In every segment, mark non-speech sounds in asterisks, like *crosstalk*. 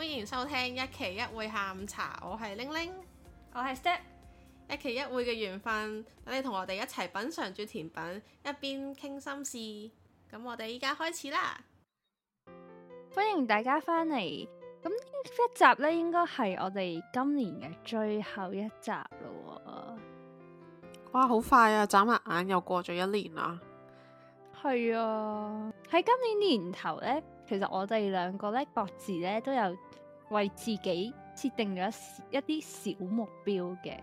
歡迎收聽一期一會下午茶，我係玲玲，我係是 Step，一期一會嘅緣分，等你同我哋一齊品嘗住甜品，一邊傾心事。咁我哋依家開始啦，歡迎大家翻嚟。咁呢一集呢，應該係我哋今年嘅最後一集啦。哇，好快啊，眨下眼又過咗一年啦。係啊，喺今年年頭呢，其實我哋兩個呢，各自呢，都有。為自己設定咗一啲小目標嘅，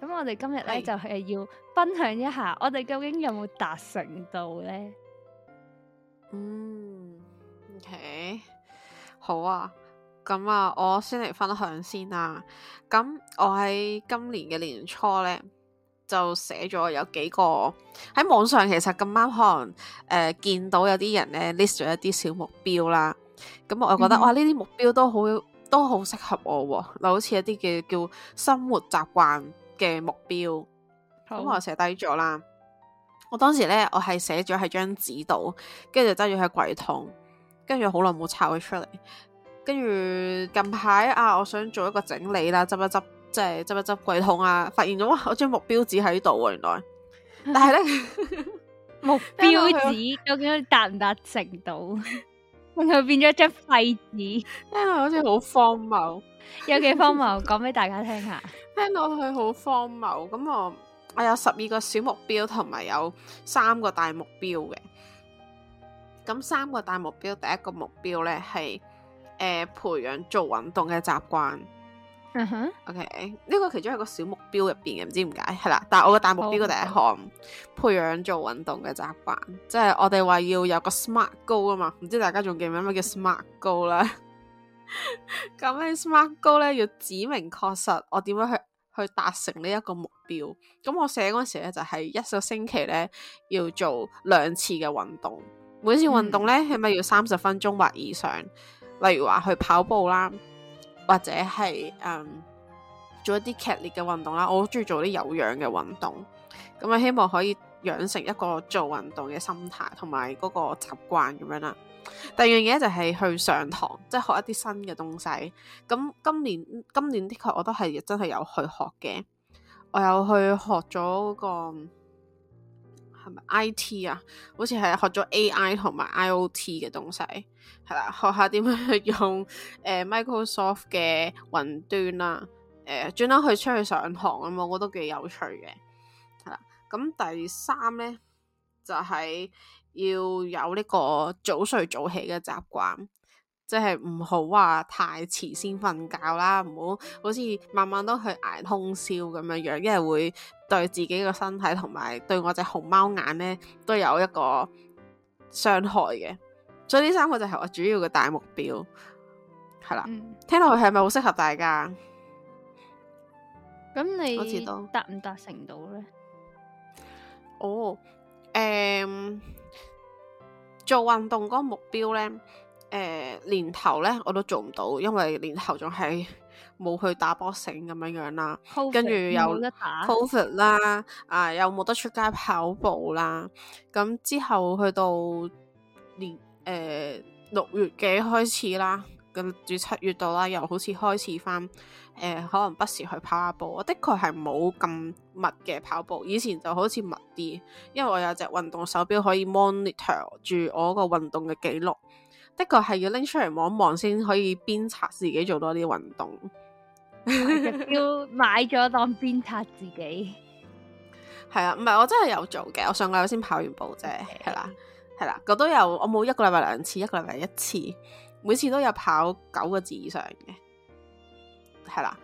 咁我哋今日咧是就係要分享一下，我哋究竟有冇達成到咧？嗯，OK，好啊，咁啊，我先嚟分享先啦。咁我喺今年嘅年初咧就寫咗有幾個喺網上，其實咁啱可能誒、呃、見到有啲人咧 list 咗一啲小目標啦。咁、嗯嗯、我又覺得哇，呢啲目標都好都好適合我喎，嗱，好似一啲嘅叫，叫生活習慣嘅目標，咁好我寫低咗啦。我當時咧，我係寫咗喺張紙度，跟住就揸住喺櫃桶，跟住好耐冇抄佢出嚟。跟住近排啊，我想做一個整理啦，執一執即係執一執櫃桶啊，發現咗哇，我張目標紙喺度啊，原來。但係咧， *laughs* 目標紙究竟達唔達成到？ *laughs* 然後變咗一張廢紙，聽落好似好荒謬， *laughs* 有幾荒謬？講俾大家 *laughs* 聽下，聽落去好荒謬。咁我我有十二個小目標，同埋有三個大目標嘅。咁三個大目標，第一個目標咧係誒培養做運動嘅習慣。o K 呢個其中係個小目標入邊嘅，唔知點解係啦。但係我個大目標第一項，oh, 培養做運動嘅習慣， *noise* 即係我哋話要有個 smart goal 啊嘛。唔知大家仲記唔記得咩叫 smart goal 咧？咁 *laughs* 咧 smart goal 咧要指明確實我點樣去去達成呢一個目標。咁我寫嗰時咧就係、是、一個星期咧要做兩次嘅運動，每次運動咧起碼要三十分鐘或以上，例如話去跑步啦。或者係誒、嗯、做一啲劇烈嘅運動啦，我好中意做啲有氧嘅運動，咁啊希望可以養成一個做運動嘅心態同埋嗰個習慣咁樣啦。第二樣嘢就係去上堂，即係學一啲新嘅東西。咁今年今年的確我都係真係有去學嘅，我有去學咗嗰、嗰個。係咪 I T 啊？好似係學咗 A I 同埋 I O T 嘅東西，係啦，學下點樣去用誒、呃、Microsoft 嘅雲端啦、啊，誒、呃，專登去出去上堂吖嘛，我覺得幾有趣嘅，係啦。咁第三咧就係、是、要有呢個早睡早起嘅習慣。即係唔好話太遲先瞓覺啦，唔好好似晚晚都去捱通宵咁樣樣，因為會對自己個身體同埋對我隻熊貓眼咧都有一個傷害嘅。所以呢三個就係我主要嘅大目標，係啦。嗯、聽落去係咪好適合大家？咁你達唔達成到咧？哦，誒，oh, um, 做運動嗰個目標咧。誒、呃、年頭咧，我都做唔到，因為年頭仲係冇去打 boxing 咁樣樣啦。跟住有 covid 啦，啊又冇得出街跑步啦。咁之後去到年誒六、呃、月幾開始啦，跟住七月度啦，又好似開始翻誒、呃，可能不時去跑下、啊、步。我的確係冇咁密嘅跑步，以前就好似密啲,因為我有隻運動手錶可以 monitor 住我個運動嘅記錄。的確係要拎出嚟望一望先，可以鞭策自己做多啲運動。要 *laughs* 買咗當鞭策自己，係 *laughs* 啊，唔係我真係有做嘅。我上個禮拜先跑完步啫，係啦 Okay.、啊，係啦、啊，我都有。我冇一個禮拜兩次，一個禮拜一次，每次都有跑九個字以上嘅，係啦、啊。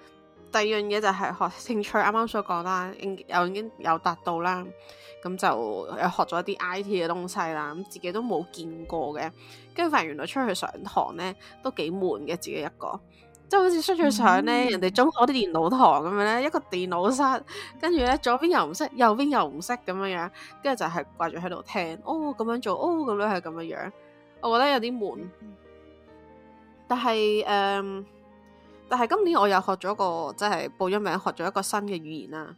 第二樣嘢就係學興趣，啱啱所講啦，應又已經有達到啦。咁就學咗啲 IT 嘅東西啦，咁自己都冇見過嘅，跟住發現原來出去上堂咧都幾悶嘅，自己一個，即係好似出去上咧、嗯、人哋中學啲電腦堂咁樣咧，一個電腦室，跟住咧左邊又唔識，右邊又唔識咁樣樣，跟住就係掛住喺度聽，哦咁樣做，哦咁樣係咁樣樣，我覺得有啲悶。但係誒。嗯但係今年我又學咗個即係、就是、報咗名，學咗一個新嘅語言啦。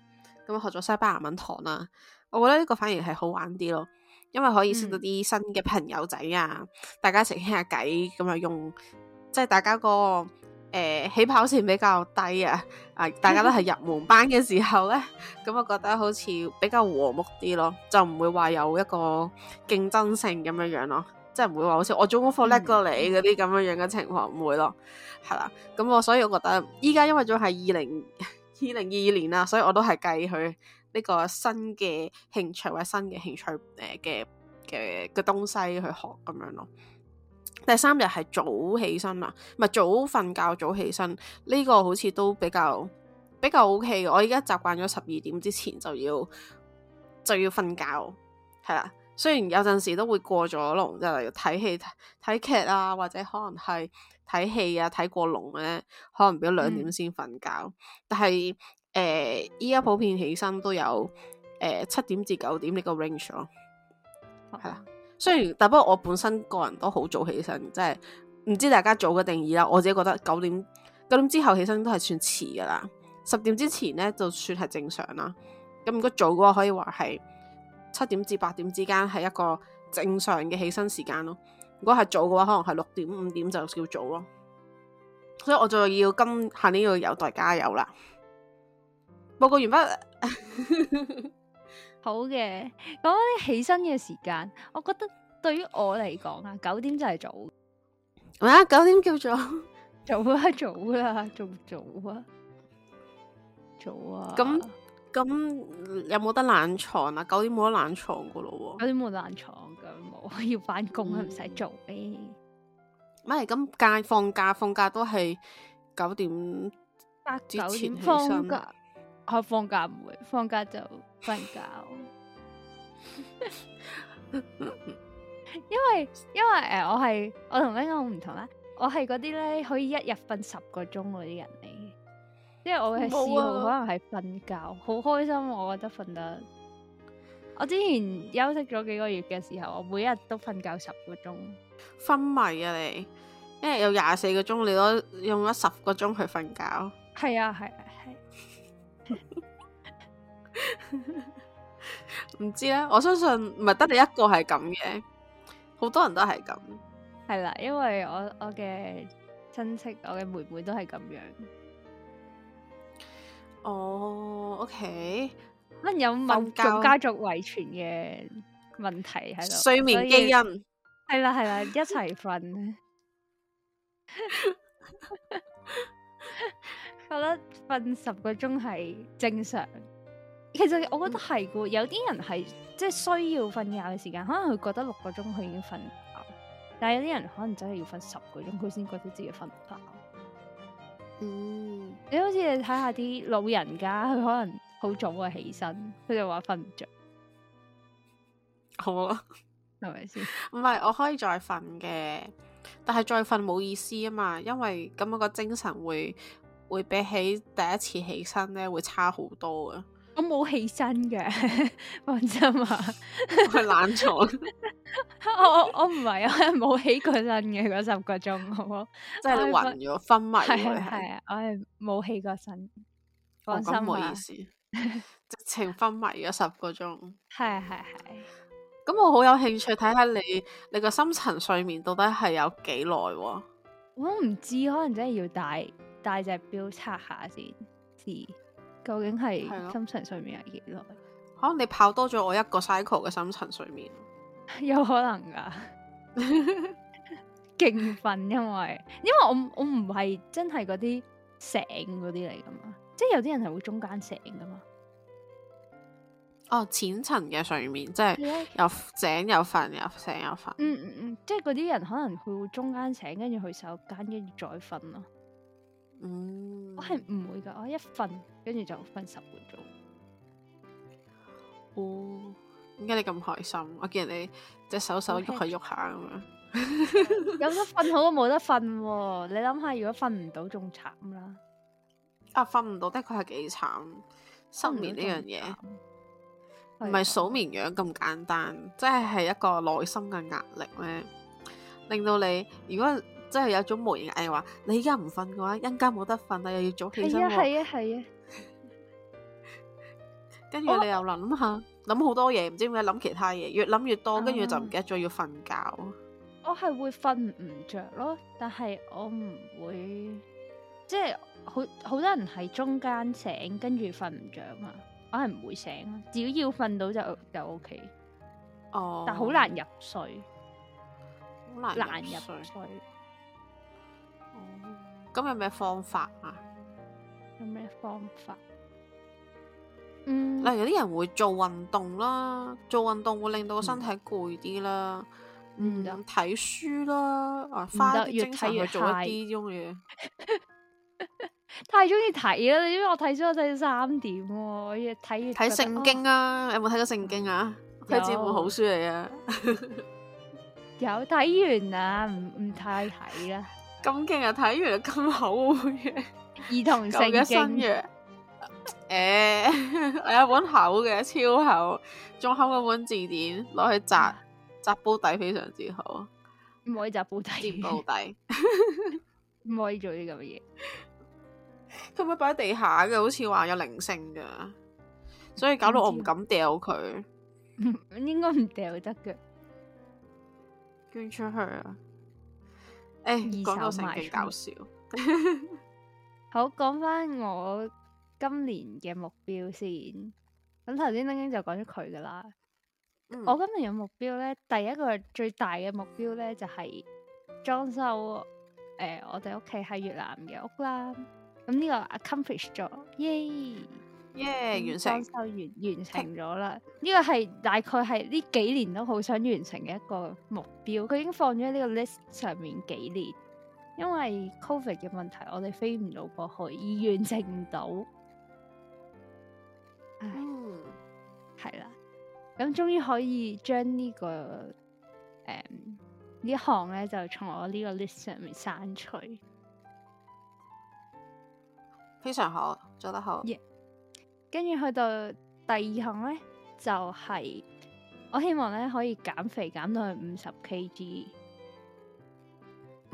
咁、嗯、啊，學咗西班牙文堂啦。我覺得呢個反而係好玩啲咯，因為可以識到啲新嘅朋友仔啊，大家一齊傾下偈，咁啊用即係大家個誒、呃、起跑線比較低啊，啊、呃、大家都係入門班嘅時候咧，咁、嗯、我覺得好似比較和睦啲咯，就唔會話有一個競爭性咁樣樣咯。即係唔會話好似我做功課叻過你嗰啲咁樣樣嘅情況唔會咯，係啦。咁我所以我覺得依家因為仲係二零二零二二年啦，所以我都係計佢呢個新嘅興趣或者新嘅興趣誒嘅嘅嘅東西去學咁樣咯。第三日係早起身啦，咪早瞓覺早起身呢個好似都比較比較 OK。我依家習慣咗十二點之前就要就要瞓覺，係啦。雖然有陣時都會過咗龍，即係睇戲睇劇啊，或者可能係睇戲啊睇過龍咧，可能畀咗兩點先瞓覺。嗯、但係誒依家普遍起身都有誒七、呃、點至九點呢個 range 咯，係啦、嗯。雖然但不過我本身個人都好早起身，即係唔知大家早嘅定義啦。我自己覺得九點九點之後起身都係算遲噶啦，十點之前咧就算係正常啦。咁如果早嘅話，可以話係。七點至八點之間係一個正常嘅起身時間咯。如果係早嘅話，可能係六點五點就叫早咯。所以我就要今下年要有待加油啦。報告完畢。 *laughs* 好嘅，講起起身嘅時間，我覺得對於我嚟講啊，九點就係早。啊，九點叫早啊，早啦，仲早啊，早啊。咁、啊。咁、嗯、有冇得懶床啊？九點冇得懶床噶咯？九點冇得懶床噶，冇 *laughs* 要翻工，唔使做。唔係咁假放假，放假都係九點八九點放假，我、啊、放假唔會放假就瞓覺。因為因為誒，我係我同你講我唔同啦，我係嗰啲咧可以一日瞓十個鐘嗰啲人。即係我嘅嗜好，可能係瞓覺，好開心。我覺得瞓得，我之前休息咗幾個月嘅時候，我每日都瞓覺十個鐘，昏迷啊你，因為有廿四個鐘，你都用咗十個鐘去瞓覺，係啊係啊係，唔、啊、 *laughs* *laughs* 知啊，我相信唔係得你一個係咁嘅，好多人都係咁，係啦、啊，因為我我嘅親戚，我嘅妹妹都係咁樣。哦、oh，OK，乜有某家族遺傳嘅問題喺度，睡眠基因係啦，係啦，一齊瞓。 *laughs* *laughs* *laughs* 覺得瞓十個鐘係正常，其實我覺得係噶，嗯、有啲人係即係需要瞓覺嘅時間，可能佢覺得六個鐘佢已經瞓，但係有啲人可能真係要瞓十個鐘佢先覺得自己瞓唔到。嗯，你好似你睇下啲老人家，佢可能好早啊起身，佢就話瞓唔着，好咯，係咪先？唔係，我可以再瞓嘅，但係再瞓冇意思啊嘛，因為咁樣個精神會會比起第一次起身咧會差好多啊！我冇起身嘅，放心啊， *laughs* 我懶床。 *laughs* *laughs* 我我唔係，我係冇起過身嘅，嗰十個鐘，好唔好？即係你暈咗昏迷，係啊！ *laughs* 我係冇起過身，我心唔好意思，直情昏迷咗十個鐘。係係係。咁我好有興趣睇下你你個深層睡眠到底係有幾耐啊？我唔知，可能真係要帶帶隻錶測下先，知究竟係深層睡眠係幾耐？可能你跑多咗我一個 cycle 嘅深層睡眠。有可能噶，勁瞓，因為因為我我唔係真係嗰啲醒嗰啲嚟噶嘛,嘛、哦，即係有啲人係會中間醒噶嘛。哦，淺層嘅睡眠即係有醒有瞓有醒有瞓，嗯，嗯嗯嗯，即係嗰啲人可能佢會中間醒，跟住去洗手間，跟住再瞓咯，啊。嗯，我係唔會噶，我一瞓跟住就瞓十個鐘。哦。點解你咁開心？我見你隻手手喐下喐下咁樣，有得瞓好過冇得瞓。你諗下，如果瞓唔到，仲慘啦！啊，瞓唔到的確係幾慘，失眠呢樣嘢唔係數綿羊咁簡單，即係係一個內心嘅壓力咧，令到你如果真係有種無形，例如話你而家唔瞓嘅話，因家冇得瞓啦，但又要早起身喎，係啊，係啊，係啊， *laughs* 跟住你又諗下。諗好多嘢，唔知點解諗其他嘢，越諗越多，跟住、oh. 就唔記得咗要瞓覺。我係會瞓唔着咯，但係我唔會，即係好好多人係中間醒，跟住瞓唔着嘛。我係唔會醒，只要瞓到就就 OK。哦，oh. 但好難入睡，好難、oh. 難入睡。咁有咩方法啊？有咩方法？嗯、例如有啲人會做運動啦，做運動會令到個身體攰啲啦，行嗯，睇書啦，啊行，翻啲精神去做一啲鍾嘢， *laughs* 太鍾意睇啦！因為我睇書我睇到三點喎，睇越睇聖經啊！哦、有冇睇過聖經啊？推薦有本好書嚟啊！ *laughs* 有睇完啦，唔唔太睇啦。咁勁啊！睇完咁好嘅兒童聖經。 *laughs* 誒， *laughs* 我有本厚嘅，超厚，仲厚嘅本字典，攞去砸砸煲底非常之好，唔可以砸煲，煲底，煲底，唔可以做啲咁嘅嘢。佢會擺喺地下嘅，好似話有靈性噶，所以搞到我唔敢掉佢。 *laughs* 應該唔掉得嘅，捐出去啊！誒、欸，講二手 到成幾搞笑。 *laughs* 好，講翻我。今年嘅目標先，咁頭先丁丁就講咗佢㗎喇。Mm. 我今年嘅目標咧，第一個最大嘅目標咧就係、是、裝修誒、呃，我哋屋企喺越南嘅屋啦。咁呢個 accomplish 咗，耶耶完裝修完完成咗啦。呢停個係大概係呢幾年都好想完成嘅一個目標。佢已經放咗喺呢個 list 上面幾年，因為 covid 嘅問題，我哋飛唔到過去，而完成唔到。嗯，嗯，係啦、嗯，咁終於可以將、這個嗯、呢個誒呢行咧，就從我呢個 list 上面刪除，非常好，做得好。跟住、yeah. 去到第二行咧，就係、是、我希望咧可以減肥減到去五十 kg，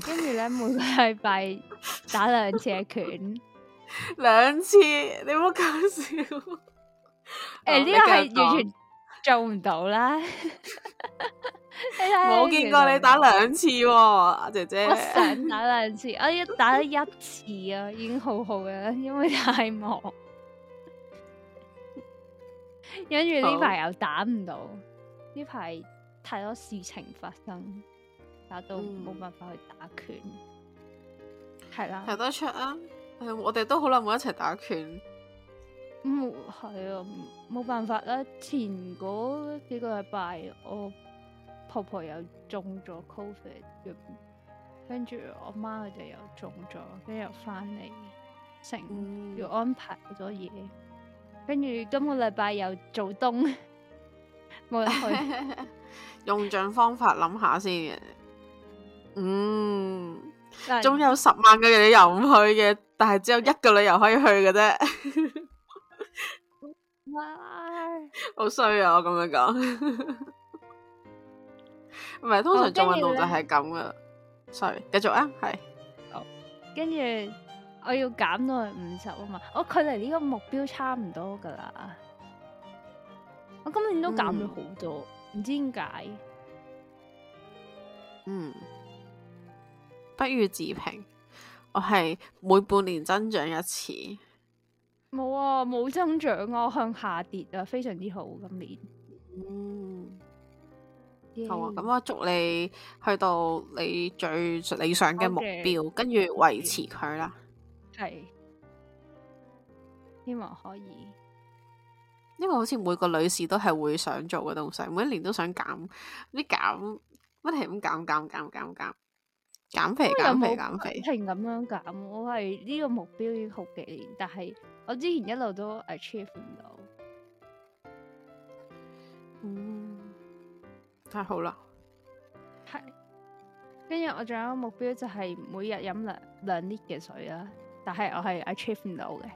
跟住咧每個禮拜打兩次嘅拳， *laughs* 兩次你好搞笑。誒，呢、欸哦、個係完全做唔到啦！冇 *laughs* *laughs* 看見過你打兩次、哦， *laughs* 姐姐。我想打兩次， *laughs* 我一打咗一次啊，已經好好、啊、嘅，因為太忙。跟住呢排又打唔到，呢排好太多事情發生，打到冇辦法去打拳。係、嗯、啦，睇得出啊！我哋都好耐冇一齊打拳。嗯，係啊，冇辦法啦。前嗰幾個禮拜，我婆婆又中咗 COVID，跟住我媽佢哋又中咗，跟住又翻嚟，成日要安排好多嘢。跟住、嗯、今個禮拜又做冬，冇人去。 *laughs* 用盡方法諗下先嘅，嗯，仲有十萬個旅遊唔去嘅，但係只有一個旅遊可以去嘅啫。 *laughs* *laughs* 好衰啊！我咁樣講，唔 *laughs* 係通常做運動就係咁噶啦。哦、sorry，繼續啊，係，跟住、哦、我要減到去五十啊嘛，我距離呢個目標差唔多噶啦。我今年都減咗好多，唔、嗯、知點解。嗯，不如自評。我係每半年增長一次。冇啊，冇增長啊，向下跌啊，非常之好今年。嗯，好啊，咁我祝你去到你最理想嘅目標，跟住維持佢啦。係，希望可以。因為好似每個女士都係會想做嘅東西，每一年都想減，你減乜嘢咁，減減減減減減肥減肥減肥，不停咁樣減。我係呢個目標已經好幾年，但係。我之前一路都 achieve 唔到，嗯，太好啦！係，跟住我仲有目標就係每日飲兩兩 lift 嘅水啦，但係我係 achieve 唔到嘅，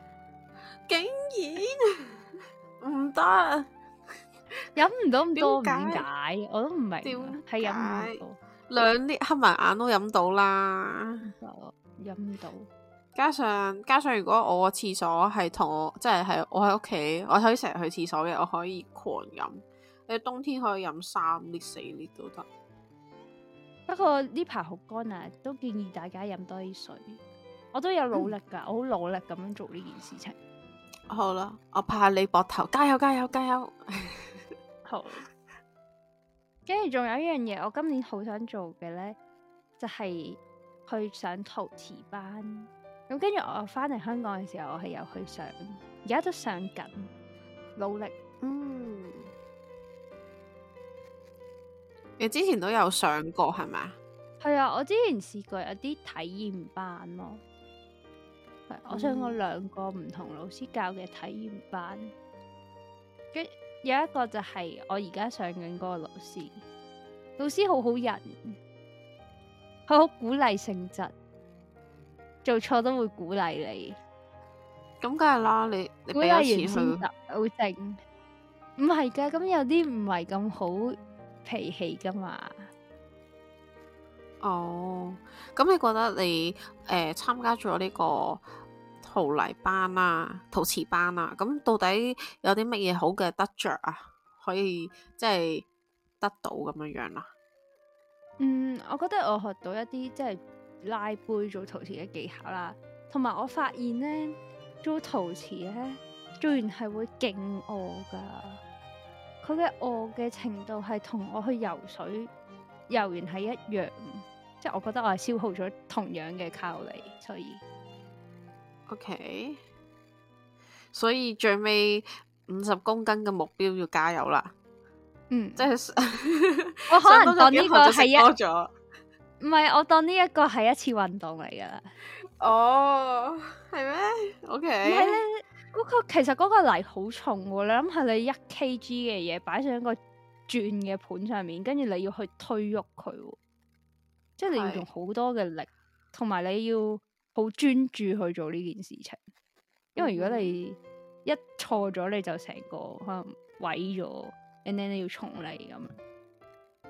竟然唔得，飲唔到咁多，點解？我都唔明，係飲唔到兩 lift，合埋眼都飲到啦，飲唔到。加上加上，加上如果我個廁所係同我即係係我喺屋企，我可以成日去廁所嘅，我可以狂飲。你冬天可以飲三 l 四 l 都得。不過呢排好乾啊，都建議大家飲多啲水。我都有努力噶，嗯、我好努力咁樣做呢件事情。好啦，我拍下你膊頭，加油加油加油！加油 *laughs* 好，跟住仲有一樣嘢，我今年好想做嘅咧，就係、是、去上陶瓷班。咁跟住我翻嚟香港嘅時候，我係有去上，而家都上緊，努力。嗯，你之前都有上過係咪啊？係啊，我之前試過有啲體驗班咯，我上過兩個唔同老師教嘅體驗班，跟、嗯、有一個就係我而家上緊嗰個老師，老師好好人，佢好鼓勵性質。做錯都會鼓勵你，咁梗係啦，你，你比較鼓勵完佢，會好靜，唔係嘅，咁有啲唔係咁好脾氣噶嘛。哦，咁你覺得你誒、呃、參加咗呢個陶泥班啊、陶瓷班啊，咁到底有啲乜嘢好嘅得着啊？可以即係得到咁樣樣啊。嗯，我覺得我學到一啲即係。拉杯做陶瓷嘅技巧啦，同埋我發現咧，做陶瓷咧，做完係會勁餓噶，佢嘅餓嘅程度係同我去游水游完係一樣，即係我覺得我係消耗咗同樣嘅卡路里，所以，OK，所以最尾五十公斤嘅目標要加油啦，嗯，即係我可能當呢個係多咗。嗯 *laughs* 唔係，我當呢一個係一次運動嚟噶啦。哦，係咩？O K，咩咧？嗰個其實嗰個泥好重喎，你諗下你一 K G 嘅嘢擺上一個轉嘅盤上面，跟住你要去推喐佢，即係你要用好多嘅力，同埋是你要好專注去做呢件事情。因為如果你一錯咗，你就成個可能毀咗，你你你要重嚟咁。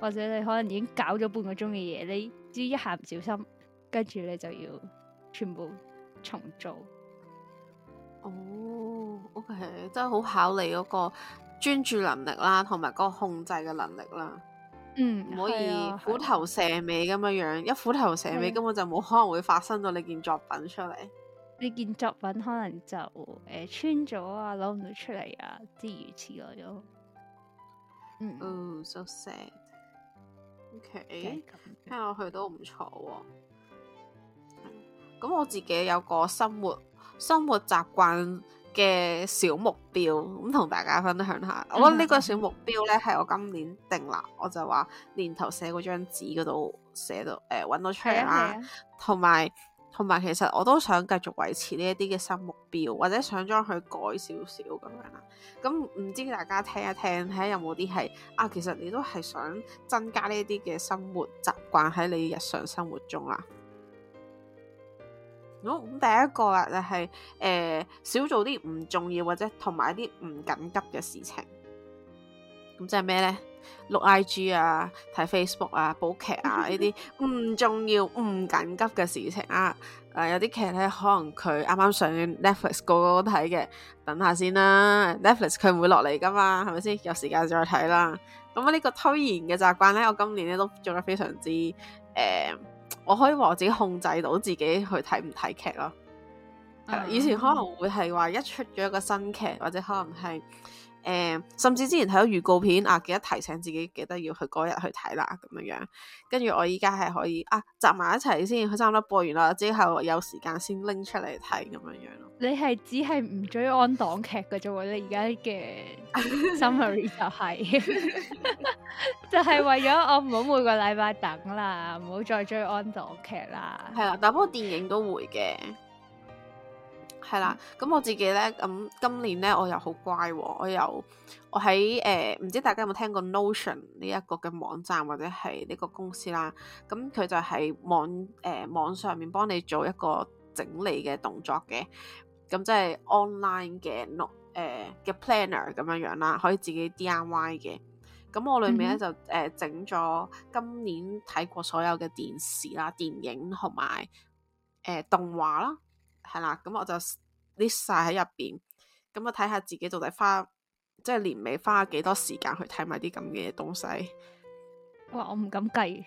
或者你可能已經搞咗半個鐘嘅嘢，你只要一下唔小心，跟住你就要全部重做。哦、oh，OK，真係好考你嗰個專注能力啦，同埋嗰個控制嘅能力啦。嗯，唔可以虎頭蛇尾咁樣樣，啊啊、一虎頭蛇尾、啊、根本就冇可能會發生到你件作品出嚟，你件作品可能就誒、呃、穿咗啊，攞唔到出嚟啊，之如此類咁。嗯，oh so sad. OK，okay, okay. 聽落去都唔錯喎、哦。咁我自己有個生活生活習慣嘅小目標，咁同大家分享下。嗯、我覺得呢個小目標咧，係我今年定啦，我就話年頭寫嗰張紙嗰度寫到，誒、呃，搵到出嚟啦，同埋、啊。同埋，其實我都想繼續維持呢一啲嘅新目標，或者想將佢改少少咁樣啦。咁唔知大家聽一聽，睇下有冇啲係啊，其實你都係想增加呢一啲嘅生活習慣喺你日常生活中啦。好、嗯，咁第一個啦就係、是、誒、呃、少做啲唔重要或者同埋啲唔緊急嘅事情。咁即係咩咧？錄 I G 啊，睇 Facebook 啊，煲劇啊，呢啲唔重要唔緊 *laughs* 急嘅事情啊，誒、呃、有啲劇咧可能佢啱啱上 Netflix 個個都睇嘅，等下先啦，Netflix 佢唔會落嚟㗎嘛，係咪先？有時間再睇啦。咁啊呢個推延嘅習慣咧，我今年咧都做得非常之誒、呃，我可以我自己控制到自己去睇唔睇劇咯、呃。以前可能會係話一出咗一個新劇或者可能係。誒、嗯，甚至之前睇咗預告片啊，記得提醒自己，記得要去嗰日去睇啦，咁樣樣。跟住我依家係可以啊，集埋一齊先，差唔多播完啦之後，有時間先拎出嚟睇咁樣樣咯。你係只係唔追安檔劇嘅啫， *laughs* *laughs* 你而家嘅 summary 就係，就係為咗我唔好每個禮拜等啦，唔好再追安檔劇啦。係啦、 *laughs* 啊，但不過電影都會嘅。係啦，咁我自己咧，咁、嗯、今年咧我又好乖喎，我又、哦、我喺誒，唔、呃、知大家有冇聽過 Notion 呢一個嘅網站或者係呢個公司啦，咁佢就係網誒、呃、網上面幫你做一個整理嘅動作嘅，咁即係 online 嘅 n、no, 嘅、呃、planner 咁樣樣啦，可以自己 D I Y 嘅，咁我裏面咧、嗯、哼就誒、呃、整咗今年睇過所有嘅電視啦、電影同埋誒動畫啦。係啦，咁我就 list 晒喺入邊，咁啊睇下自己到底花即係年尾花幾多時間去睇埋啲咁嘅東西。哇，我唔敢計。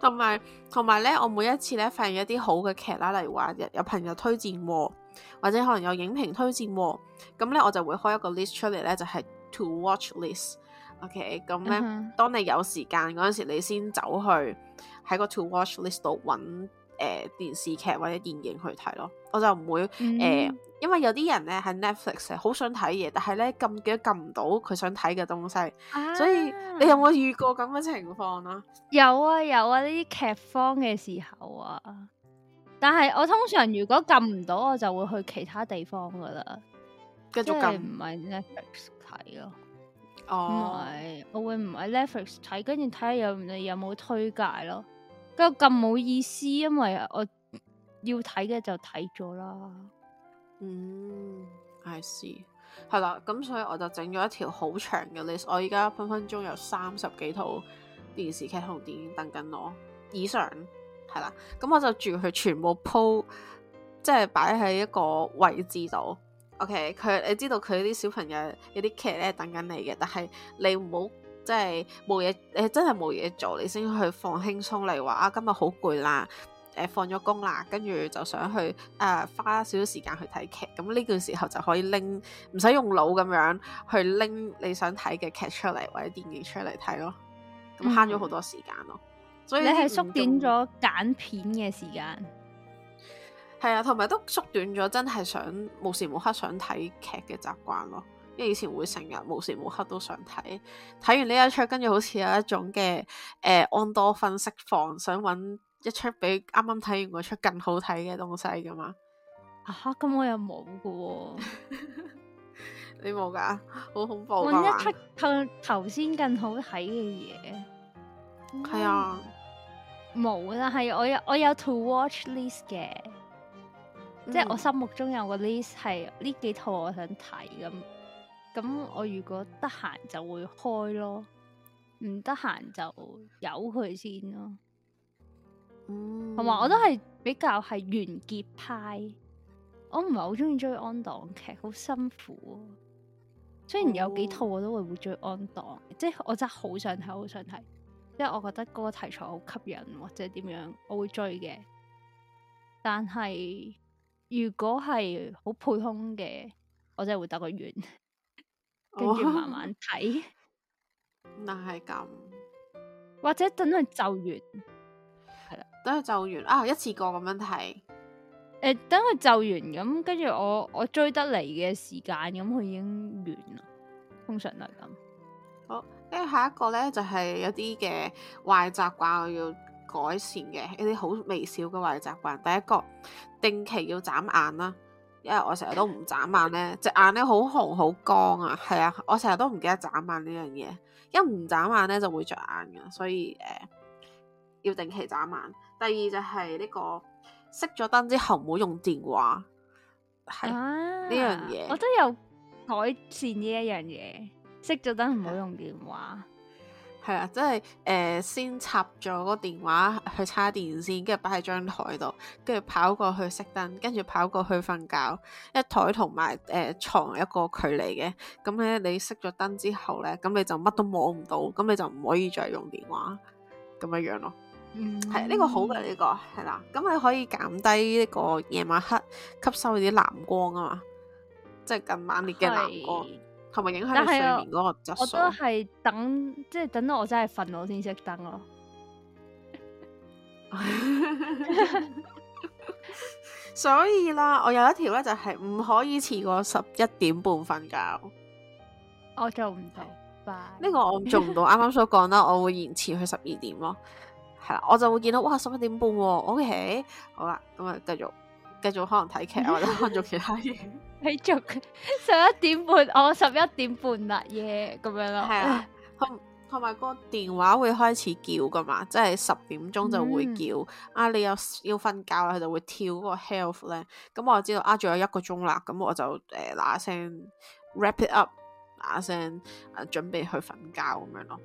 同埋同埋咧，我每一次咧發現一啲好嘅劇啦，例如話有朋友推薦喎，或者可能有影評推薦喎，咁咧我就會開一個 list 出嚟咧，就係、是、to watch list okay?。OK，咁咧，當你有時間嗰陣時，你先走去喺個 to watch list 度搵。誒、呃，電視劇或者電影去睇咯，我就唔會誒、嗯呃，因為有啲人咧喺 Netflix 好想睇嘢，但係咧撳幾多撳唔到佢想睇嘅東西，東西啊，所以你有冇遇過咁嘅情況啦，啊啊？有啊有啊，呢啲劇荒嘅時候啊，但係我通常如果撳唔到，我就會去其他地方噶啦，繼續，即係唔係 Netflix 睇咯，唔係、哦、我會唔係 Netflix 睇，跟住睇下有有冇推介咯。咁咁冇意思，因為我要睇嘅就睇咗啦。嗯，係是 I see，係啦。咁所以我就整咗一條好長嘅 list，我而家分分鐘有三十幾套電視劇同電影等緊我。以上係啦，咁我就住佢全部鋪，即係擺喺一個位置度。OK，佢你知道佢啲小朋友有啲劇咧等緊你嘅，但係你唔好。即係冇嘢，誒真係冇嘢做，你先去放輕鬆。例如話啊，今日好攰啦，誒、呃、放咗工啦，跟住就想去誒、呃、花少少時間去睇劇。咁呢段時候就可以拎唔使用腦咁樣去拎你想睇嘅劇出嚟或者電影出嚟睇咯，咁慳咗好多時間咯。嗯、所以你係縮短咗揀片嘅時間，係啊，同埋都縮短咗真係想無時無刻想睇劇嘅習慣咯。因為以前會成日無時無刻都想睇，睇完呢一出，跟住好似有一種嘅誒、呃、安多芬釋放，想揾一出比啱啱睇完嗰出更好睇嘅東西噶嘛？啊，咁我又冇噶、哦， *laughs* 你冇噶？好恐怖噶嘛！揾一出頭頭先更好睇嘅嘢，係、嗯、啊，冇啦。係我，我有我有 to watch list 嘅，嗯、即係我心目中有個 list 係呢幾套我想睇咁。咁我如果得閒就會開咯，唔得閒就由佢先咯。同埋、嗯、我都係比較係完結派，我唔係好鍾意追安檔劇，好辛苦、啊。雖然有幾套我都會會追安檔、哦，即係我真係好想睇，好想睇，即係我覺得嗰個題材好吸引或者點樣，我會追嘅。但係如果係好配空嘅，我真係會得個完。跟住慢慢睇，嗱係咁，或者等佢就完，係啦，等佢就完啊，一次過咁樣睇，誒、欸，等佢就完咁，跟住我我追得嚟嘅時間，咁佢已經完啦，通常係咁。好，跟住下一個咧就係、是、有啲嘅壞習慣我要改善嘅，一啲好微小嘅壞習慣。第一個，定期要眨眼啦。因為我成日都唔眨眼咧，隻眼咧好紅好乾啊，係啊，我成日都唔記得眨眼呢樣嘢，一唔眨眼咧就會着眼嘅，所以誒、呃、要定期眨眼。第二就係呢個熄咗燈之後唔好用電話，係啊，呢樣嘢。我都有改善呢一樣嘢，熄咗燈唔好用電話。啊係 *music* 啊，即係誒，先插咗個電話去插電線，跟住擺喺張台度，跟住跑過去熄燈，跟住跑過去瞓覺。一台同埋誒床一個距離嘅，咁咧你熄咗燈之後咧，咁你就乜都摸唔到，咁你就唔可以再用電話咁嘅樣咯。嗯、mm，係、hmm. 呢、啊呢個好嘅呢、呢個係啦，咁、啊、你可以減低呢個夜晚黑吸收啲藍光啊嘛，即係近晚烈嘅藍光。 *music* *music* 佢咪影響睡眠嗰個質素我。我都係等，即係等到我真係瞓我先熄燈咯。 *laughs* *laughs* *laughs* 所以啦，我有一條咧就係唔可以遲過十一點半瞓覺。我做唔到。呢是 Bye. 個我做唔到。啱啱所講啦，我會延遲去十二點咯。係啦，我就會見到哇，十一點半喎，啊。OK，好啦，咁啊，繼續。繼續可能睇劇，或者做其他嘢。繼續，十一點半，我十一點半喇，Yeah 咁樣咯。係啦、 *laughs* 啊，同埋個電話會開始叫噶嘛，即係十點鐘就會叫。Mm. 啊，你有要瞓覺啦，佢就會跳嗰個 health 咧。咁、嗯、我就知道啊，仲有一個鐘啦，咁我就誒嗱聲 wrap it up，嗱聲啊準備去瞓覺咁樣咯。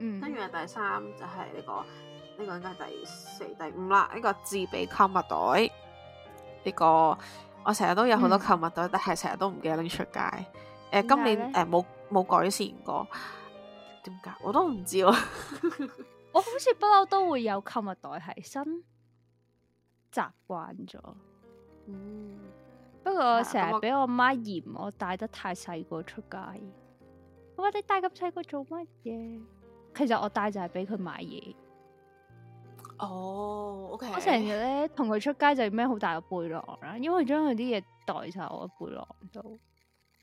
嗯，跟住第三就係、是、呢、這個呢、這個應該係第四第五啦，呢個自備購物袋。呢、這個我成日都有好多購物袋，嗯、但係成日都唔記得拎出街。誒、呃、今年誒冇冇改善過，點解我都唔知喎。 *laughs* 我好似不嬲都會有購物袋喺身，習慣咗。嗯嗯、不過成日俾我媽嫌我帶得太細個出街。啊、我話你帶咁細個做乜嘢？其實我帶就係俾佢買嘢。哦，oh, okay. 我成日咧同佢出街就孭好大個背囊啦、啊，因為將佢啲嘢袋晒我背囊度。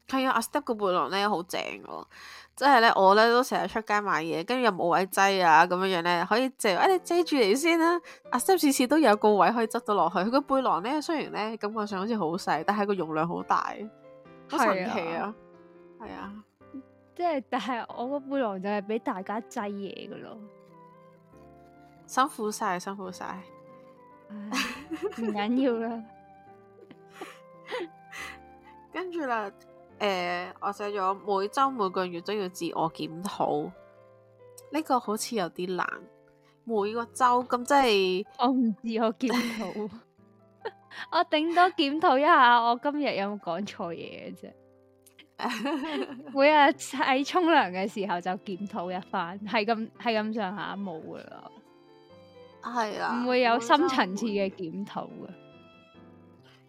係啊，阿 Step 個背囊咧好正嘅、啊，即係咧我咧都成日出街買嘢，跟住又冇位擠啊咁樣樣咧，可以借，哎你借住嚟先啦、啊。阿 Step 次次都有個位可以執到落去，佢個背囊咧雖然咧感覺上好似好細，但係個容量好大，好神奇啊！係啊，即係、啊、的但係我個背囊就係俾大家擠嘢噶咯。辛苦晒，辛苦晒，唔緊要啦。跟住啦，誒，我寫咗每周每個月都要自我檢討，呢個好似有啲難。每個周咁真係我唔自我檢討， *laughs* *laughs* 我頂多檢討一下，我今日有冇講錯嘢啫。 *laughs* 每日喺沖涼嘅時候就檢討一番，係咁係咁上下冇噶啦。係啊，唔會有深層次嘅檢討嘅。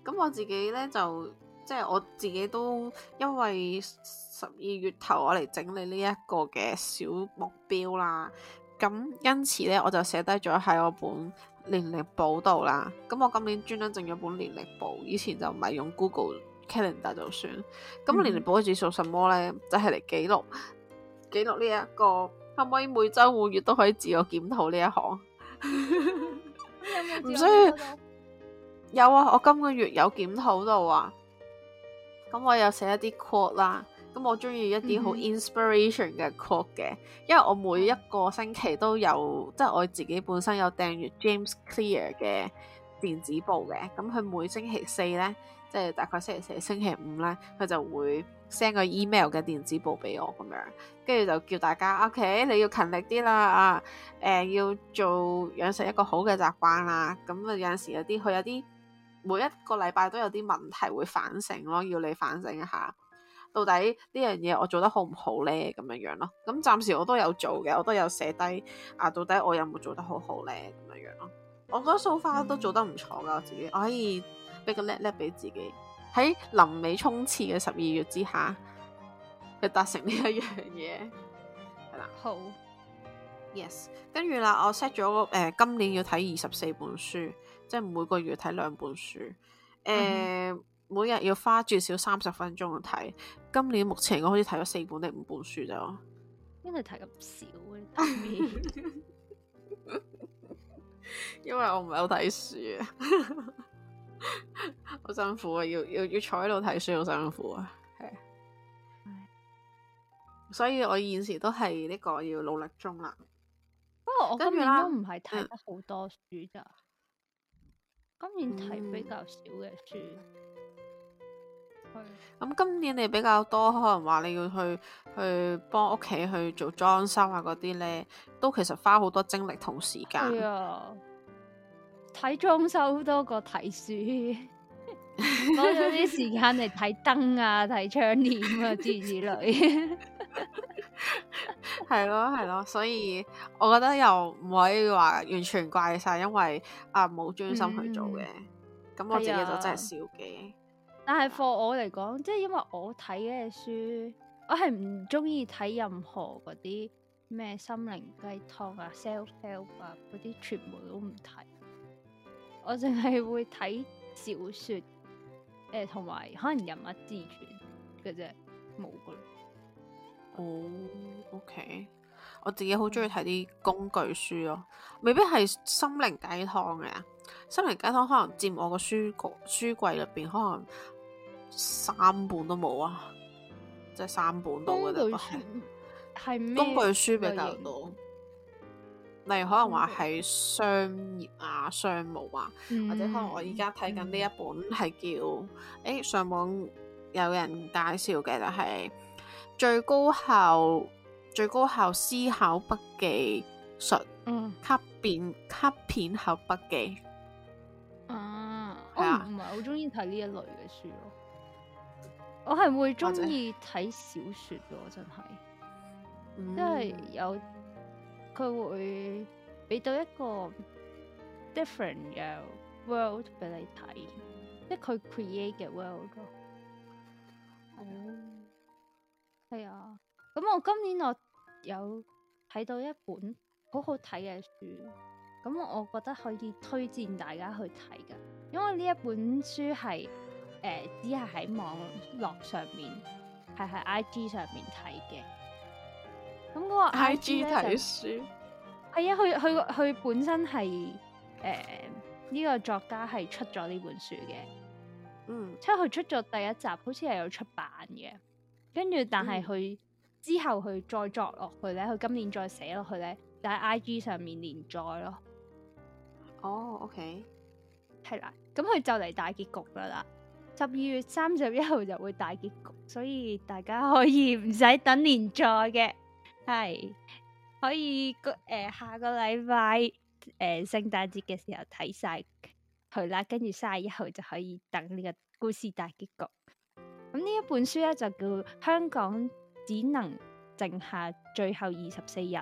咁我自己咧就即係我自己都因為十二月頭我嚟整理呢一個嘅小目標啦。咁因此咧我就寫低咗喺我本年曆簿度啦。咁我今年專登整咗本年曆簿，以前就唔係用 Google Calendar 就算。咁年曆簿嘅字數什麼咧，嗯、就係嚟記錄記錄呢一個可唔可以每周、每月都可以自我檢討呢一行。唔 *laughs* 需要，有啊！我今個月有檢討到啊，咁我有寫一啲 quote 啦。咁我中意一啲好 inspiration 嘅 quote 嘅，因為我每一個星期都有，即係我自己本身有訂閱 James Clear 嘅電子報嘅。咁佢每星期四呢。即係大概星期四、星期五咧，佢就會 send 個 email 嘅電子報俾我咁樣，跟住就叫大家，OK，你要勤力啲啦，啊，誒、啊，要做養成一個好嘅習慣啦。咁啊，有陣時有啲佢有啲每一個禮拜都有啲問題會反省咯，要你反省一下，到底呢樣嘢我做得好唔好咧咁樣樣咯。咁暫時我都有做嘅，我都有寫低啊，到底我有冇做得好好咧咁樣樣咯。我覺得 so far 都做得唔錯㗎，我自己我可以。俾個叻叻，俾自己喺臨尾衝刺嘅十二月之下，佢達成呢一樣嘢，係啦。好，yes，跟住啦，我 set 咗誒，今年要睇二十四本書，即係每個月睇兩本書，誒、呃，嗯、每日要花最少三十分鐘去睇。今年目前我好似睇咗四本定五本書就，因為睇咁少、啊， *laughs* *laughs* 因為我唔係好睇書。 *laughs* 好 *laughs* 辛苦啊，要要要坐喺度睇書好辛苦啊，係的，所以我現時都係呢個要努力中啦。不過、哦、我今年都唔係睇得好多書咋，嗯、今年睇比較少嘅書。咁、嗯、今年你比較多，可能話你要去去幫屋企去做裝修啊嗰啲咧，都其實花好多精力同時間。睇裝修多過睇書，攞咗啲時間嚟睇燈啊、睇窗簾啊之類，係咯係咯。所以我覺得又唔可以話完全怪晒，因為啊冇專心去做嘅。咁、嗯、我自己就真係少嘅。Yeah, *laughs* 但係 for 我嚟講，即係因為我睇嘅書，我係唔中意睇任何嗰啲咩心靈雞湯啊、self help 啊嗰啲，全部都唔睇。我淨係會睇小說，誒、呃，同埋可能人物自傳嘅啫，冇噶啦。哦、oh，OK，我自己好中意睇啲工具書咯、哦，未必係心靈雞湯嘅，心靈雞湯可能佔我書個書櫃書櫃入邊可能三本都冇啊，即、就、係、是、三本都嘅啫，係工具書比較多。例如可能話係商業啊、商務啊，嗯、或者可能我而家睇緊呢一本係叫，誒、嗯欸，上網有人介紹嘅就係、是、最高效最高效思考筆記術，嗯，吸片吸片厚筆記，啊，啊我唔係好中意睇呢一類嘅書咯，我係會中意睇小說咯，真係，即係、嗯、有。佢會俾到一個 different 嘅 world 俾你睇，即係佢 create 嘅 world 咯。哦、嗯，係啊，咁我今年我有睇到一本好好睇嘅書，咁我覺得可以推薦大家去睇嘅，因為呢一本書係誒、呃、只係喺網絡上面，係喺 IG 上面睇嘅。咁嗰個 I G 睇書係啊，佢佢佢本身係誒呢個作家係出咗呢本書嘅，嗯，即係出咗第一集，好似係有出版嘅，跟住但係佢、嗯、之後佢再作落去咧，佢今年再寫落去咧就喺 I G 上面連載咯。哦、oh，OK，係啦，咁佢就嚟大結局啦，十二月三十一號就會大結局，所以大家可以唔使等連載嘅。係可以誒、呃、下個禮拜誒聖誕節嘅時候睇晒佢啦，跟住三十一號就可以等呢個故事大結局。咁、嗯、呢一本書咧就叫《香港只能剩下最後二十四人》。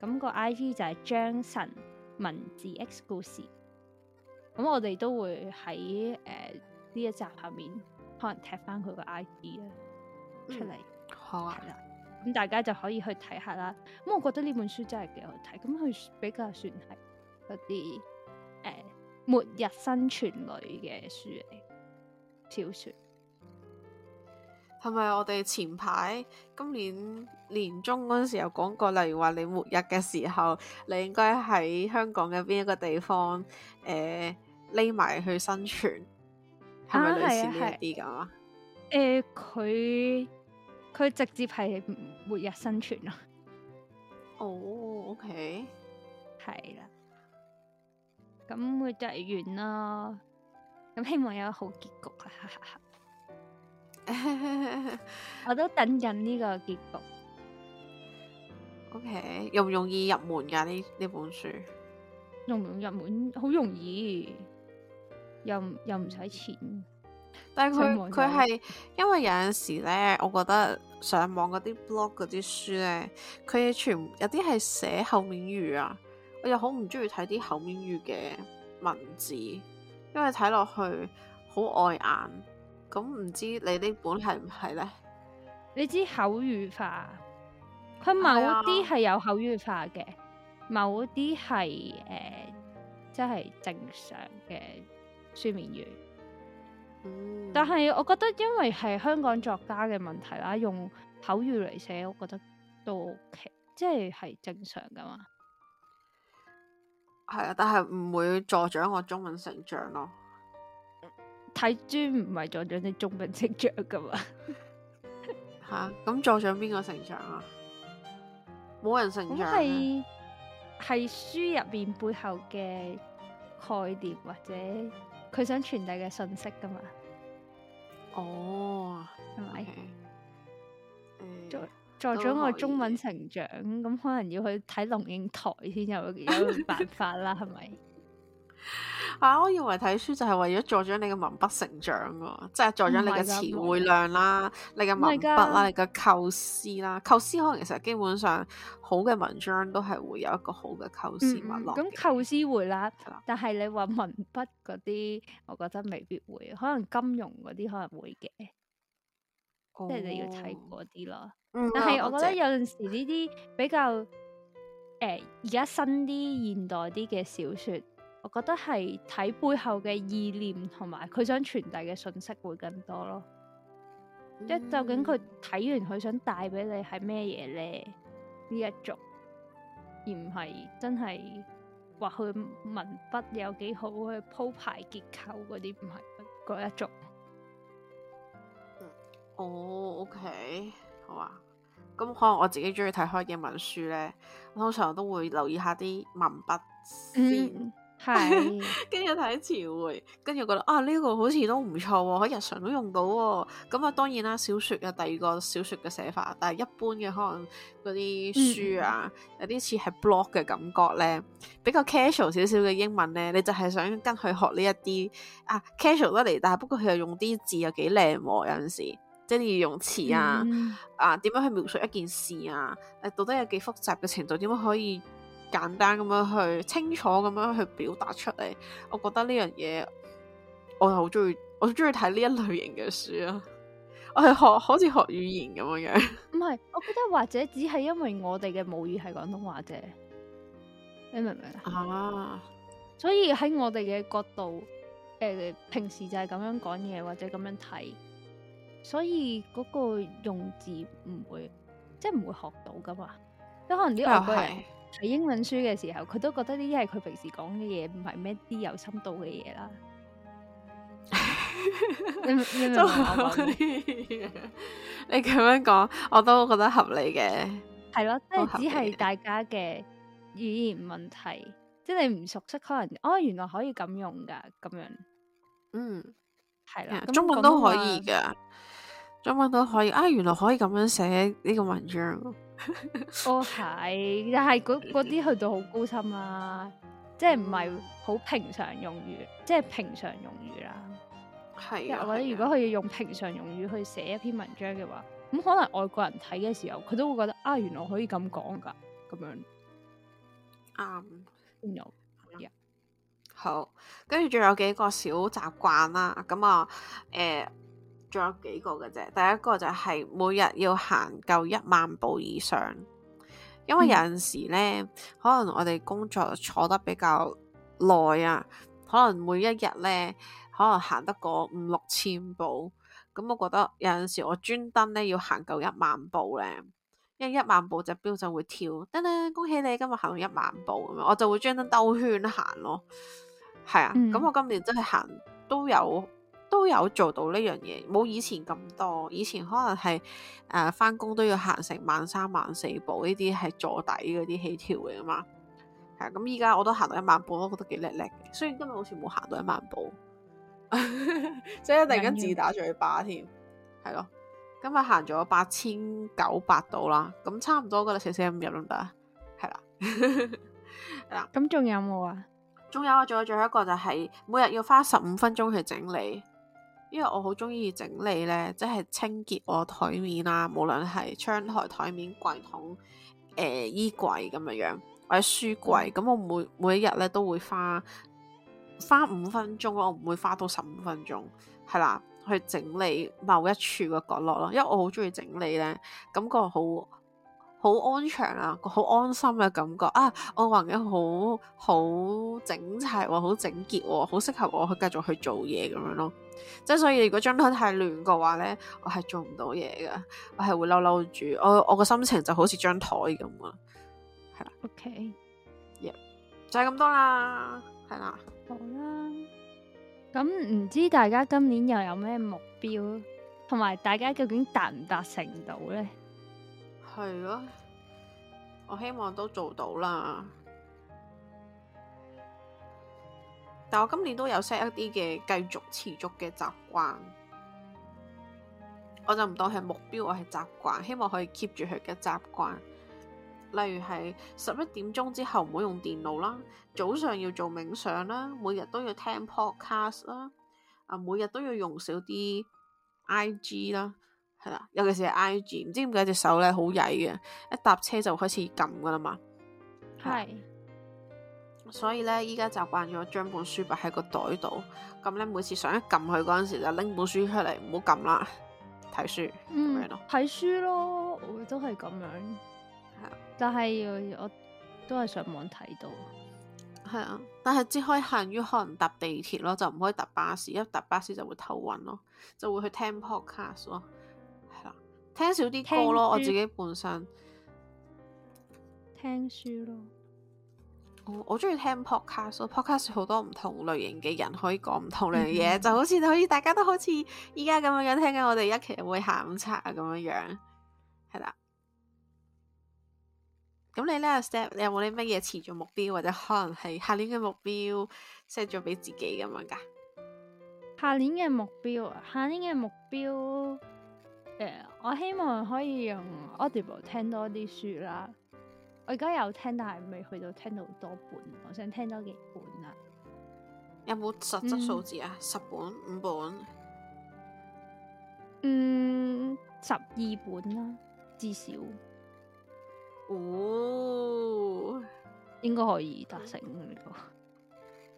咁個 I D 就係張晨文字 X 故事。咁我哋都會喺誒呢一集下面可能踢返佢個 I D 啦出嚟，好啊。咁大家就可以去睇下啦。咁、嗯、我覺得呢本書真係幾好睇，咁、嗯、佢比較算係嗰啲誒末日生存類嘅書嚟，小說。係咪我哋前排今年年中嗰陣時有講過？例如話你末日嘅時候，你應該喺香港嘅邊一個地方誒匿埋去生存？係咪類似呢一啲噶？誒、佢、啊。佢直接係末日生存咯。哦，OK，係啦，咁會就係完咯。咁希望有個好結局。 *laughs* *laughs* 我都等緊呢個結局。OK，容唔容易入門噶呢呢本書？容唔容入門？好容易，又唔又唔使錢。但係佢佢係因為有陣時咧，我覺得上網嗰啲 blog 嗰啲書咧，佢全有啲係寫後面語啊，我又好唔中意睇啲後面語嘅文字，因為睇落去好礙眼。咁唔知你呢本係唔係咧？你知口語化，佢某啲係有口語化嘅，啊、某啲係誒，即、呃、係正常嘅書面語。但係我覺得，因為係香港作家嘅問題啦，用口語嚟寫，我覺得都 OK，即係係正常噶嘛。係啊，但係唔會助長我中文成長咯。睇書唔係助長你中文成長噶嘛？吓， *laughs* 咁助長邊個成長啊？冇人成長。咁係係書入邊背後嘅概念或者佢想傳遞嘅信息噶嘛？哦，係咪、oh, okay. um,？做做咗我中文成長，咁可，可能要去睇龍應台先有有辦法啦，係咪？ *laughs* 啊！我認為睇書就係為咗助長你嘅文筆成長、啊，即、就、係、是、助長你嘅詞彙量啦，oh、my God, 你嘅文筆啦，oh、my God, 你嘅構思啦。Oh、my 構思可能其實基本上好嘅文章都係會有一個好嘅構思脈絡、嗯嗯。咁構思會啦，啦但係你話文筆嗰啲，我覺得未必會。可能金融嗰啲可能會嘅，即係、oh. 你要睇嗰啲咯。嗯啊、但係我覺得有陣時呢啲比較誒而家新啲現代啲嘅小説。我覺得係睇背後嘅意念，同埋佢想傳遞嘅信息會更多咯。即、嗯、究竟佢睇完佢想帶俾你係咩嘢呢？呢一族，而唔係真係話佢文筆有幾好啊，鋪排結構嗰啲唔係嗰一族。哦，OK，好啊。咁可能我自己中意睇開嘅文書呢，我通常都會留意下啲文筆先。嗯係，跟住睇詞彙，跟住覺得啊呢、呢個好似都唔錯喎，喺日常都用到喎。咁啊當然啦，小説啊第二個小説嘅寫法，但係一般嘅可能嗰啲書啊，嗯、有啲似係 blog 嘅感覺咧，比較 casual 少少嘅英文咧，你就係想跟佢學呢一啲啊 casual 得嚟，但係不過佢又用啲字又幾靚喎，有陣時即係啲用詞啊、嗯、啊點樣去描述一件事啊？誒、啊、到底有幾複雜嘅程度，點樣可以？簡單咁樣去，清楚咁樣去表達出嚟，我覺得呢樣嘢我就好中意，我中意睇呢一類型嘅書啊！我係學，好似學語言咁樣樣。唔係，我覺得或者只係因為我哋嘅母語係廣東話啫，你明唔明啊？所以喺我哋嘅角度，誒、呃，平時就係咁樣講嘢或者咁樣睇，所以嗰個用字唔會，即係唔會學到噶嘛，即係可能呢個係。學英文書嘅時候，佢都覺得呢啲係佢平時講嘅嘢，唔係咩啲有深度嘅嘢啦。 *laughs* *laughs* *laughs* 你你明你咁樣講，我都覺得合理嘅。係咯了，即係只係大家嘅語言問題，即、就、係、是、你唔熟悉，可能哦，原來可以咁用噶，咁樣。嗯，係啦了，中文都可以噶，中文都可以啊，原來可以咁樣寫呢個文章。 *laughs* 哦係，但係嗰啲去到好高深啦、啊，即係唔係好平常用語，即係平常用語啦。係或者如果佢要用平常用語去寫一篇文章嘅話，咁可能外國人睇嘅時候，佢都會覺得啊，原來可以咁講噶，咁樣啱有係好，跟住仲有幾個小習慣啦，咁啊誒。呃仲有幾個嘅啫，第一個就係每日要行夠一萬步以上，因為有陣時咧，嗯、可能我哋工作坐得比較耐啊，可能每一日咧，可能行得過五六千步，咁、嗯、我覺得有陣時我專登咧要行夠一萬步咧，因為一萬步隻錶就會跳，噔噔，恭喜你今日行到一萬步咁樣，我就會專登兜圈行咯，係啊，咁、嗯、我今年真係行都有。都有做到呢樣嘢，冇以前咁多。以前可能係誒返工都要行成萬三萬四步，呢啲係坐底嗰啲起跳嘅嘛。係、啊、咁，依、嗯、家我都行到一萬步，我都覺得幾叻叻嘅。雖然今日好似冇行到一萬步，即 *laughs* 係 *laughs* 突然間自打嘴巴添。係咯， *laughs* 今日行咗八千九百度啦，咁差唔多噶啦，四四五日都得。係啦，嗱，咁仲有冇啊？仲有啊，仲有仲有最後一個就係、是、每日要花十五分鐘去整理。因為我好中意整理咧，即係清潔我台面啦，無論係窗台台面、櫃桶、誒、呃、衣櫃咁嘅樣，或者書櫃。咁我每每一日咧都會花花五分鐘咯，我唔會花到十五分鐘，係啦，去整理某一處嘅角落咯。因為我好中意整理咧，感覺好。好安詳啊，好安心嘅感覺啊！我環境好好整齊，啊，好整潔，啊，好適合我去繼續去做嘢咁樣咯。即係所以，如果張台太亂嘅話咧，我係做唔到嘢噶，我係會嬲嬲住。我我個心情就好似張台咁噶啦，係啦。OK，yeah，就係咁多啦，係啦，好啦。咁唔知大家今年又有咩目標，同埋大家究竟達唔達成到咧？係咯，我希望都做到啦。但我今年都有 set 一啲嘅繼續持續嘅習慣，我就唔當係目標，我係習慣，希望可以 keep 住佢嘅習慣。例如係十一點鐘之後唔好用電腦啦，早上要做冥想啦，每日都要聽 podcast 啦，啊，每日都要用少啲 IG 啦。係啦，尤其是係 IG，唔知點解隻手咧好曳嘅，一搭車就開始撳噶啦嘛。係，所以咧依家習慣咗將本書擺喺個袋度，咁咧每次想一撳佢嗰陣時，就拎本書出嚟，唔好撳啦，睇書咁樣咯。睇、嗯、係書咯，我都係咁樣，係啊。但係我都係上網睇到，係啊。但係只可以限於可能搭地鐵咯，就唔可以搭巴士，一搭巴士就會頭暈咯，就會去聽 Podcast 咯。聽少啲歌咯，書我自己本身聽書咯。我我中意聽 podcast，podcast 好多唔同類型嘅人可以講唔同類嘅嘢， *laughs* 就好似可以大家都好似依家咁樣樣聽緊我哋一期會下午茶啊咁樣樣，係啦。咁你咧 step，你有冇啲乜嘢持續目標，或者可能係下年嘅目標 set 咗俾自己咁樣噶？下年嘅目標，下年嘅目標。誒，yeah, 我希望可以用 Audible 聽多啲書啦。我而家有聽，但係未去到聽到多本，我想聽多幾本啦。有冇實質數字啊？嗯、十本、五本？嗯，十二本啦，至少。哦，應該可以達成呢、啊這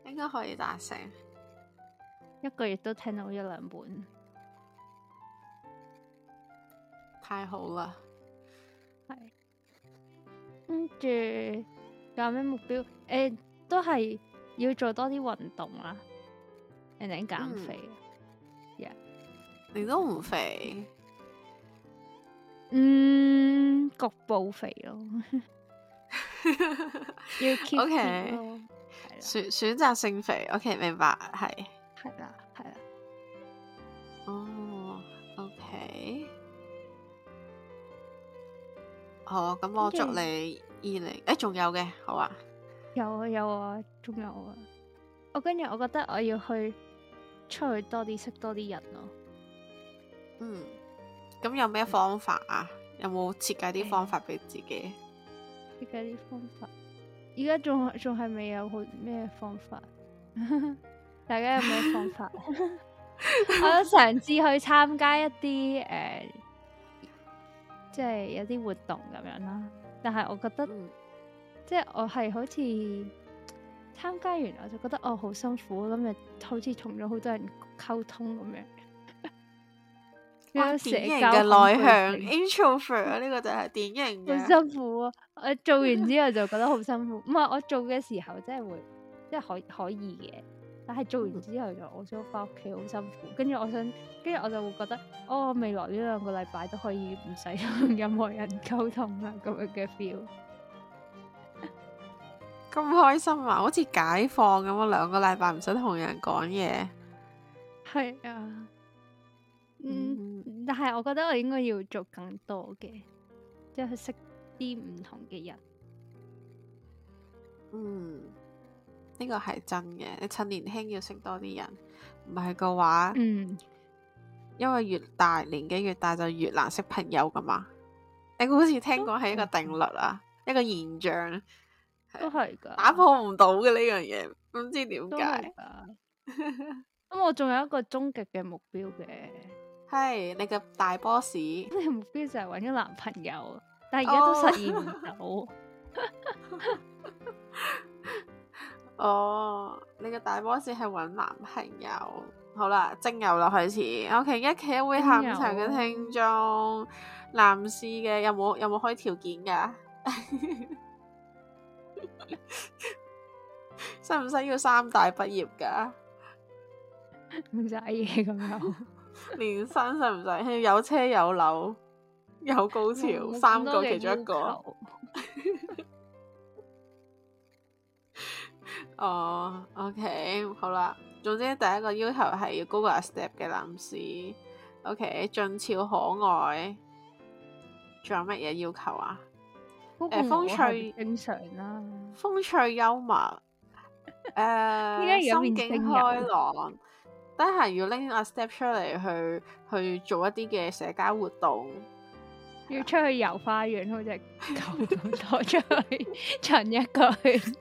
個，應該可以達成。 *laughs* 一個月都聽到一兩本。太好啦，係跟住有咩目標？誒、欸，都係要做多啲運動啊，啊、嗯、，aiming Yeah .減肥，呀，你都唔肥，嗯，局部肥咯，要、喔、keep Okay 住、嗯、選選擇性肥，OK，明白係，係、嗯、啦，係啦， *laughs* 好，啊、嗯，咁我祝你。二零 Okay.，誒、哎，仲有嘅，好啊，有啊，有啊，仲有啊，我跟住，我覺得我要去出去多啲識多啲人咯，嗯，咁有咩方法啊？嗯、有冇設計啲方法俾自己？設計啲方法，而家仲仲係未有好咩方法？ *laughs* 大家有咩方法？ *laughs* 我都嘗試去參加一啲誒。呃即係有啲活動咁樣啦，但係我覺得，即係我係好似參加完，我就覺得我好、哦、辛苦咁樣，好似同咗好多人溝通咁樣。哇！社交嘅內向 *laughs* introvert 呢個就係典型，好 *laughs* 辛苦啊！我做完之後就覺得好辛苦，唔係 *laughs* 我做嘅時候真係會，即係可可以嘅。但係做完之後就我想翻屋企好辛苦，跟住我想，跟住我就會覺得，哦未來呢兩個禮拜都可以唔使同任何人溝通啦，咁樣嘅 feel。咁開心啊，好似解放咁啊，兩個禮拜唔想同人講嘢。係啊，嗯，嗯但係我覺得我應該要做更多嘅，即係識啲唔同嘅人。嗯。呢個係真嘅，你趁年輕要識多啲人，唔係嘅話，嗯、因為越大年紀越大就越難識朋友噶嘛。你好似聽講係一個定律啊，一個現象，都係噶，打破唔到嘅呢樣嘢，唔、這個、知點解。咁 *laughs* 我仲有一個終極嘅目標嘅，係、hey, 你嘅大 boss。你目標就係搵個男朋友，但係而家都實現唔到。Oh. *laughs* *laughs* 哦，你個大 boss 係搵男朋友，好啦，精油落開始。我、okay, 而一企喺會喊場嘅聽眾，油男士嘅有冇有冇開條件噶？ *laughs* *laughs* *laughs* 需唔需要三大畢業噶？唔使嘢咁樣，年薪使唔使？有車有樓有高潮 *laughs* 三個其中一個。 *laughs* 哦，OK，好啦。總之第一個要求係要高過阿 Step 嘅男士，OK，俊俏可愛，仲有乜嘢要求啊？誒，風趣正常啦，風趣幽默，誒，心境開朗，得閒要拎阿 Step 出嚟去去做一啲嘅社交活動，要出去遊花園，好似舊佬拖出去巡一圈。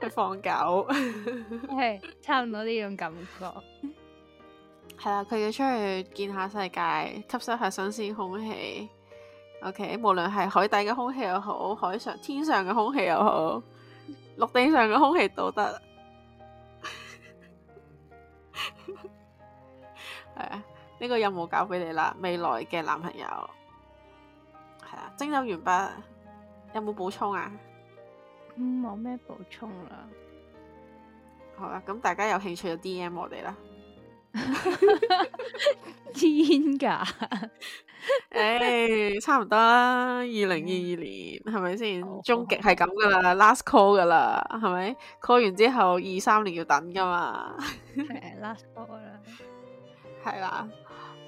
佢 *laughs* 去放狗， *laughs* 係差唔多呢種感覺。係 *laughs* 啦，佢要出去見下世界，吸收下新鮮空氣。OK，無論係海底嘅空氣又好，海上、天上嘅空氣又好，陸地上嘅空氣都得。係 *laughs* 啊，呢、這個任務交俾你啦。未來嘅男朋友，係啊，徵友完畢。有冇補充啊？冇咩補充啦。好啦，啊，咁大家有興趣就 D M 我哋啦。 *laughs* *laughs* 天噶假！誒、哎，差唔多啦，二零二二年係咪先？終極係咁噶啦，last call 噶啦，係咪？call 完之後二三年要等噶嘛？係 last call 啦。係啦，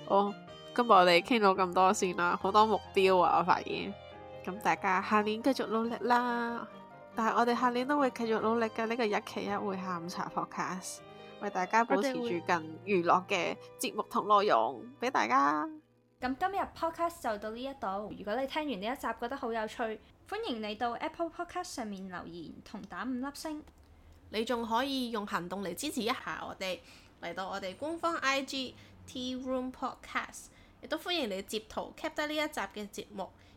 好，今日我哋傾到咁多先啦，好多目標啊，我發現。 *noise* 咁大家下年繼續努力啦！但係我哋下年都會繼續努力嘅，呢個一期一會下午茶 podcast，為大家保持住近娛樂嘅節目同內容俾大家。咁今日 podcast 就到呢一度。如果你聽完呢一集覺得好有趣，歡迎你到 Apple Podcast 上面留言同打五粒星。你仲可以用行動嚟支持一下我哋，嚟到我哋官方 IG Tea Room Podcast，亦都歡迎你截圖 cap 得呢一集嘅節目。